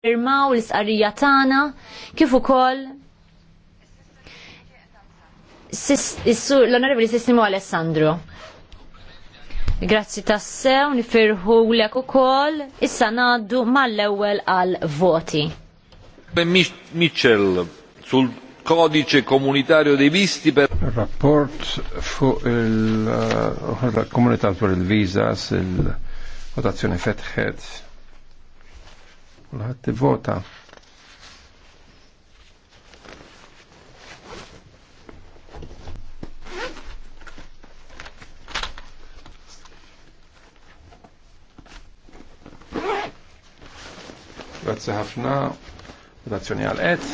firmaw l sqarrija tagħna kif ukoll l-Onorevoli Sissimo Alessandro. Grazzi tassew, nifirħu l-ek u kol, issa naddu mal-ewel għal-voti. Mitchell, sul codice comunitario dei visti per... Rapport fuq il-komunità eh, uh, per il-visas, il-votazzjoni fetħet Kulħadd vota Grazie ħafna. Votazzjoni għal et.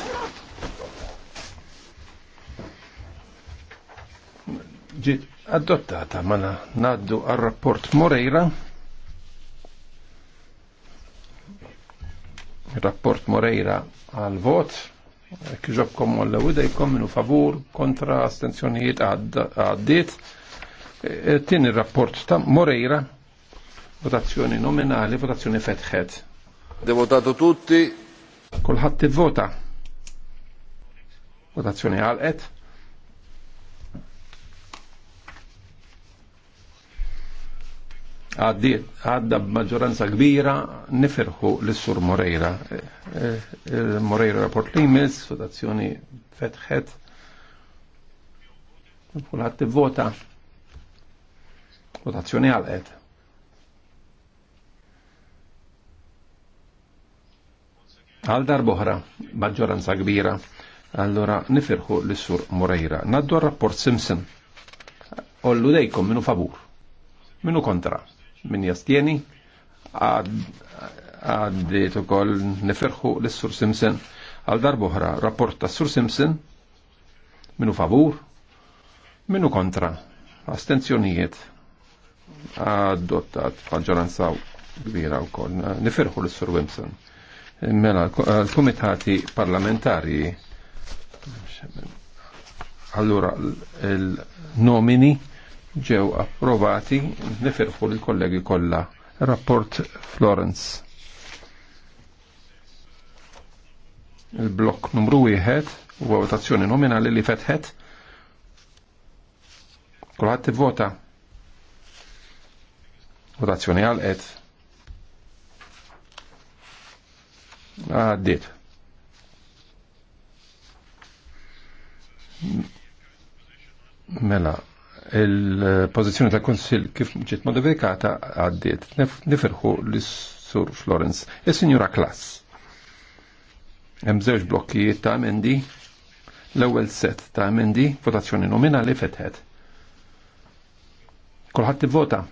Ġiet adottata ma naddu għar-rapport Moreira. rapport Moreira għal vot kħiġobkom għalla u dejkom minu favur kontra astenzjonijiet għaddit e, e, tin il-rapport ta' Moreira votazzjoni nominali votazzjoni fetħed devotato tutti kolħat vota votazzjoni għal-et. għadda b'maġġoranza kbira nifirħu l-sur Moreira. Eh, eh, Moreira rapport li jmiss, fondazzjoni fetħet, kulħadd vota votazzjoni għal-għed. Għal boħra, maġġoranza kbira, allora nifirħu l-sur Moreira. Naddu rapport Simpson. Ollu dejkom minu favur, minu kontra min jastieni għaddiet ukoll neferħu l-Sur Simpson għal darbohra rapport ta' Sur Simpson Minnu favur Minnu kontra astenzjonijiet adottat maġġoranza kbira wkoll neferħu l-Sur Simpson Mela l komitati parlamentari Allora il-nomini ġew approvati nifirħu l-kollegi kollha. Rapport Florence. Il-blok numru 1 u votazzjoni nominali li fetħet. Kulħadd tivvota. Votazzjoni għalqet. Għaddiet. Mela, il-pozizjoni ta' konsil kif ġiet modifikata għaddiet. Nifirħu l-Sur Florence. il signora Klass. Hemm żewġ blokkijiet ta' emendi. L-ewwel set ta' emendi, votazzjoni nominali fetħet. Kulħadd vota.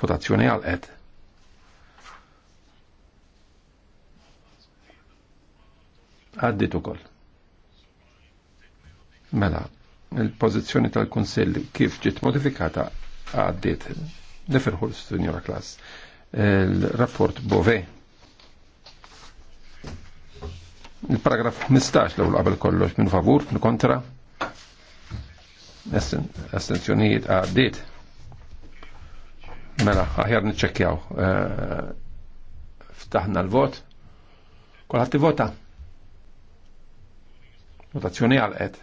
Votazzjoni għalqet. Għaddiet ukoll. Mela, il-pozizjoni tal kunsell kif ġiet modifikata għaddiet. neferħu l-Sinjora Klas. Il-rapport Bove. Il-paragraf 15 l l-għabel kollox minn favur, minn kontra. Astenzjonijiet għaddiet. Mela, aħjar niċċekkjaw. Eh, ftaħna l-vot. Kolħat vota. Votazzjoni għal-qed.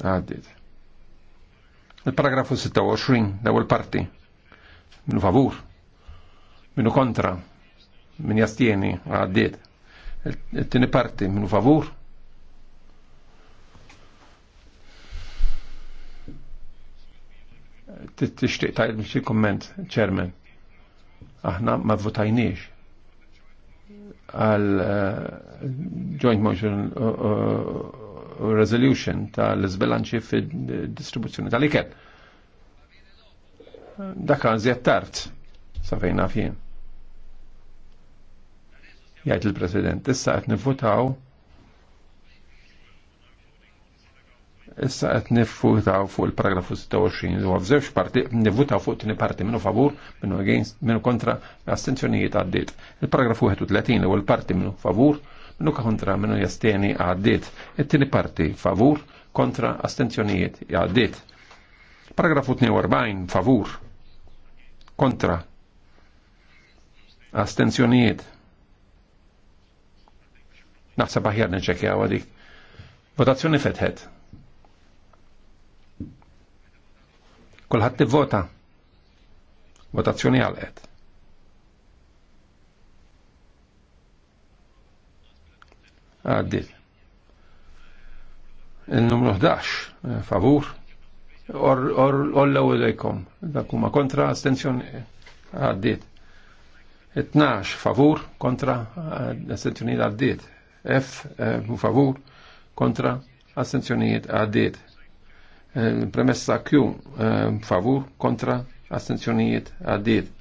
Għaddit. Il-paragrafu 26, l-ewwel parti. Minu favur. Minu kontra. minu jastieni. Għaddit. Il-tini parti. Minu favur. Tixtiq tajl xi komment, ċermen. Aħna ma votajniex għal eh, joint motion eh, eh, resolution tal-izbilanċi fil-distribuzzjoni tal-ikel. Dakka għan tard, sa fejn għafien. Jgħid il-President, issa għet nifutaw, Issa għet nifutaw fuq il-paragrafu 26 u f'żewġ parti nifutaw fuq tini parti minnu favur minnu against minnu kontra astenzjonijiet għaddit. Il-paragrafu 31 l-ewwel parti minnu favur nuka kontra minu jastieni għaddit. It-tini parti favur kontra astenzjonijiet għaddit. Paragrafu 42 favur kontra astenzjonijiet. Naħseb aħjar neċekjaw għadik. Votazzjoni fetħet. Kulħadd tivvota. Votazzjoni għalqet. għaddil. Il-numru 11, eh, favur, orlaw il-ekom, dakuma kontra, astenzjoni eh, għaddit. 12, favur, kontra, eh, astenzjoni għaddit. F, favur, kontra, astenzjonijiet għaddit. Premessa Q, favur, kontra, astenzjonijiet għaddit.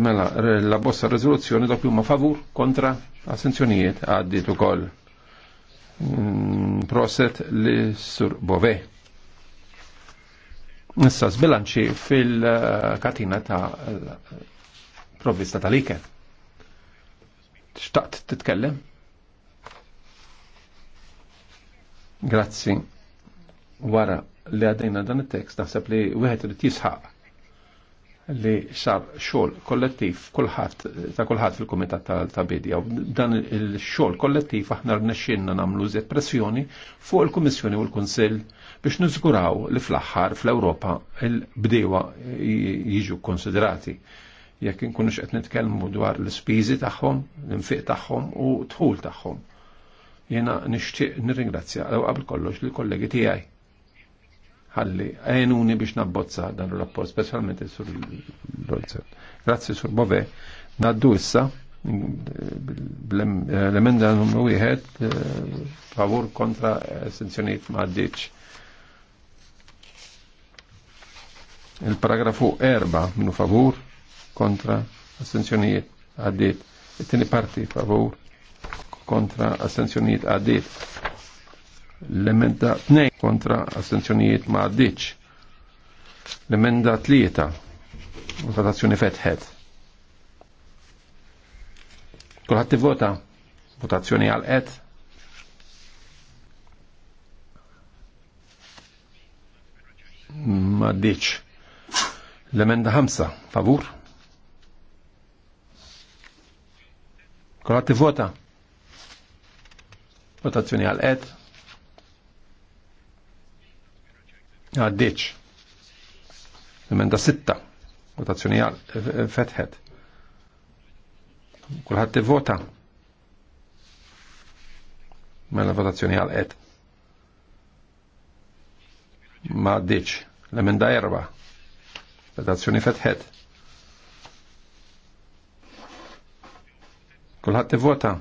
Mela, la bossa rezoluzzjoni dakuma huma favur kontra Assenzjonijiet għaddit ukoll. Mm, proset li sur Bove. Nissa sbilanċi fil-katina ta' provvista tal-iken. Xtaqt titkellem? Grazzi. Wara li għadajna dan il-tekst, naħseb li wieħed irid jisħaq li sar xogħol kollettiv kulħadd ta' kulħadd fil-kumitat ta' bidja dan il-xogħol kollettiv aħna rnexxinna nagħmlu żed pressjoni fuq il-Kummissjoni u l-Kunsill biex niżguraw li fl-aħħar fl-Ewropa il-bdewa jiġu konsiderati jekk inkunux qed nitkellmu dwar l-ispiżi tagħhom, l-infiq tagħhom u tħul tagħhom. Jena nixtieq nirringrazzja qabel kollox lill kollegi tiegħi ħalli għajnuni biex nabbozza dan l-rapport, specialment sur l-Olzer. Grazzi sur Bove. Naddu issa, l-emenda numru jħed, eh, favur kontra sanzjoniet ma' għaddiċ. Il-paragrafu erba' minu favur kontra assenzjonijiet għaddiet. it tini parti favur kontra assenzjonijiet għaddiet L-emenda 2 kontra astenzjonijiet ma għaddiċ. L-emenda 3 votazzjoni fetħed. Kulħadd vota votazzjoni għal qed. Ma għaddiċ. L-emenda 5 favur. Kulħadd vota Votazzjoni għal qed. Għaddiċ. Emenda sitta. Votazzjoni għal eh, fetħet. Kulħadd vota. Mela votazzjoni għal qed. Ma għaddiċ. L-emenda erba. Votazzjoni fetħet. Kulħadd vota.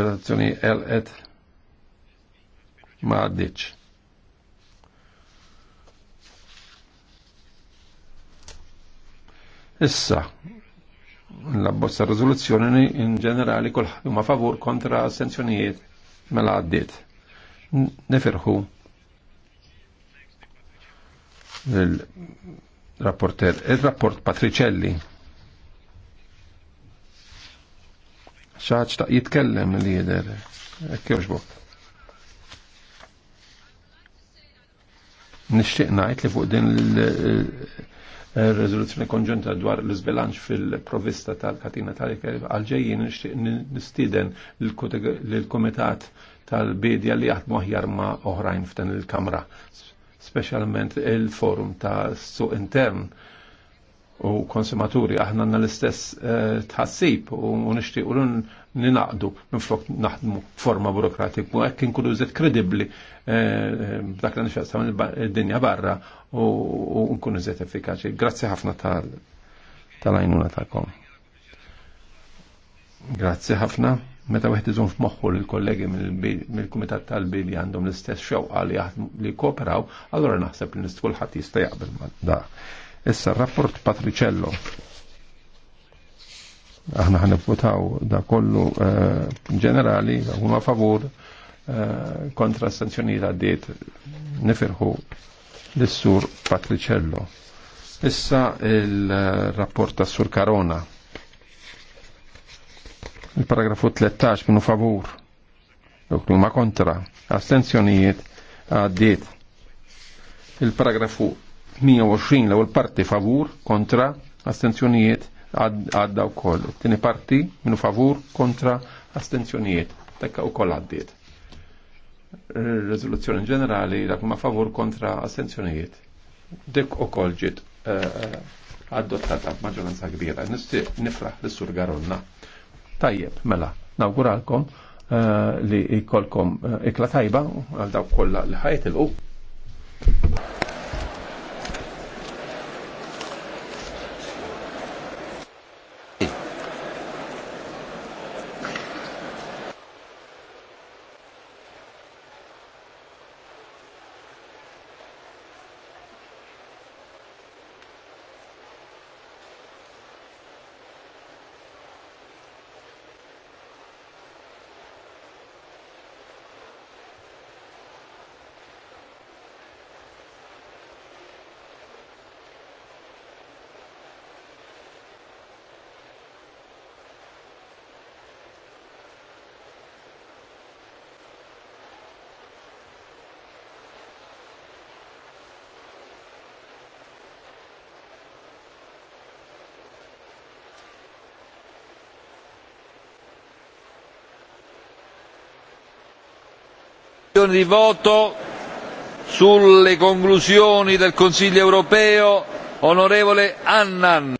Votazzjoni għal qed ma għaddiċ. Issa, la abbozza rezoluzzjoni in ġenerali kol ma favur kontra sanzjonijiet. mela għaddiet. Neferħu il-rapporter, il-rapport Patricelli. ċaċ ta' jitkellem li jider, e kjoġbok. Nixtieq ngħid li fuq din il-rezoluzzjoni konġunta dwar l-izbilanċ fil-provista tal-katina tal għalġejjien għalġejjin nistiden l-komitat tal bedja li jaħdmu aħjar ma' oħrajn f'dan il-kamra, speċjalment il-forum ta' suq intern u konsumaturi aħna għanna l-istess eh, tħassib u nishtiqu ninaqdu minn naħdmu forma burokratiku u għekkin kullu zed kredibli eh, dak l il dinja barra u nkunu zed effikaċi. Grazzi ħafna tal-għajnuna tal-kom. Grazzi ħafna. Meta wieħed iżon f'moħħu l-kollegi mill-Kumitat tal-Bili għandhom l-istess xewqa li jaħdmu li kooperaw, allora naħseb li ħadd jista' jaqbel ma' da' Issa rapport Patricello. Aħna ħan votaw da kollu eh, ġenerali, uh, huma favur uh, kontra sanzjonijiet għaddiet nifirħu l-sur Patricello. Issa il-rapport ta' sur Karona. Il-paragrafu 13 minu favur. Dok ma kontra. Astenzjonijiet għaddiet. Il-paragrafu 120 l-ewwel parti favur kontra astenzjonijiet għadda wkoll. Tini parti minu favur kontra astenzjonijiet. Tekka wkoll għaddiet. Rezoluzzjoni ġenerali dak ma favur kontra astenzjonijiet. u ukoll ġiet eh, adottata maġoranza kbira. Nisti nifraħ l sur Garonna. Tajjeb, mela, nawguralkom eh, li ikolkom eh, ikla tajba għal dawk kollha il ħajtilqu. dichiarazione di voto sulle conclusioni del Consiglio europeo, onorevole Annan.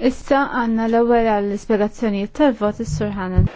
Issa għanna l-ewwel għall-ispjegazzjonijiet tal-vot is-Sur Hanan.